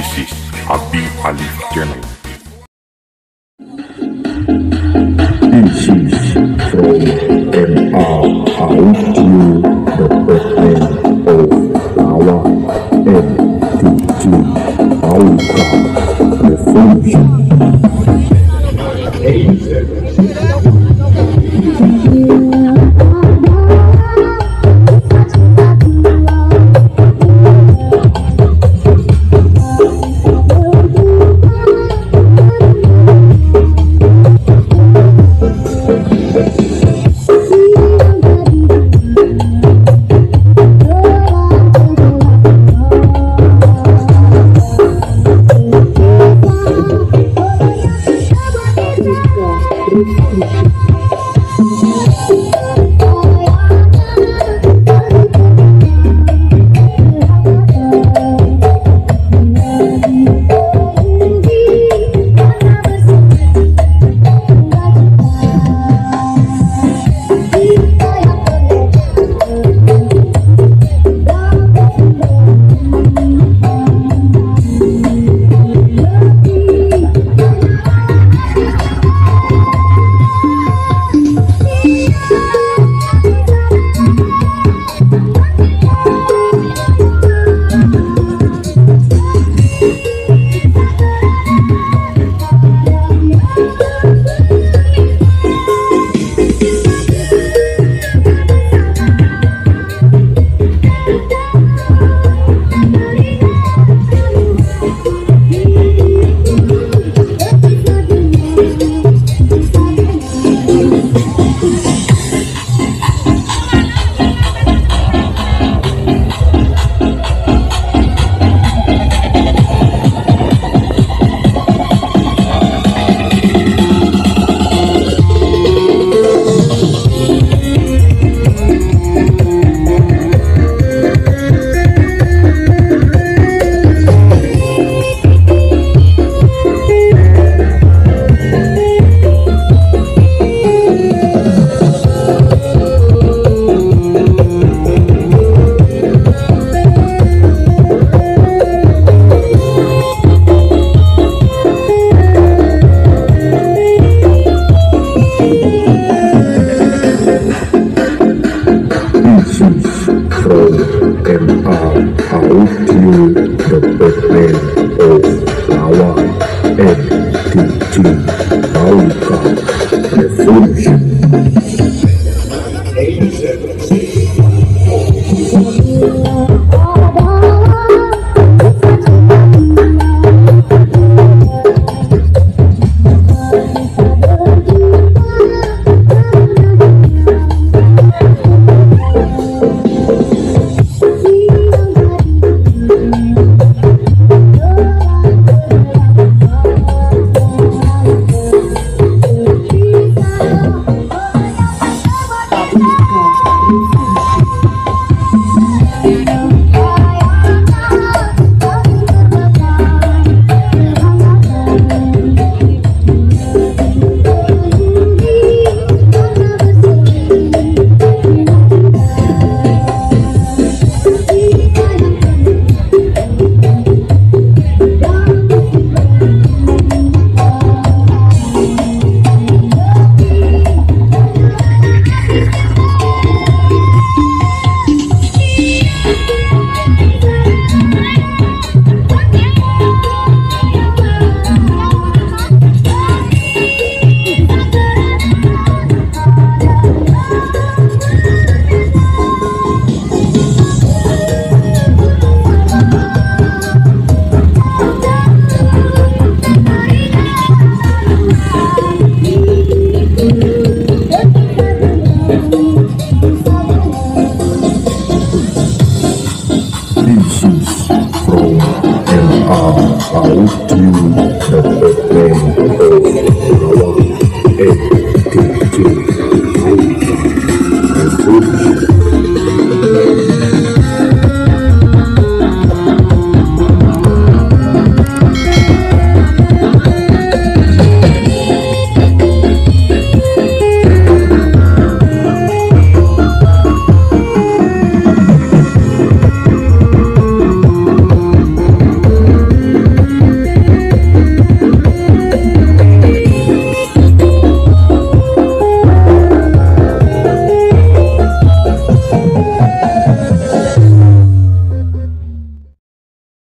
This is Abi Ali Channel. This is from M.R. Audio, the of how do you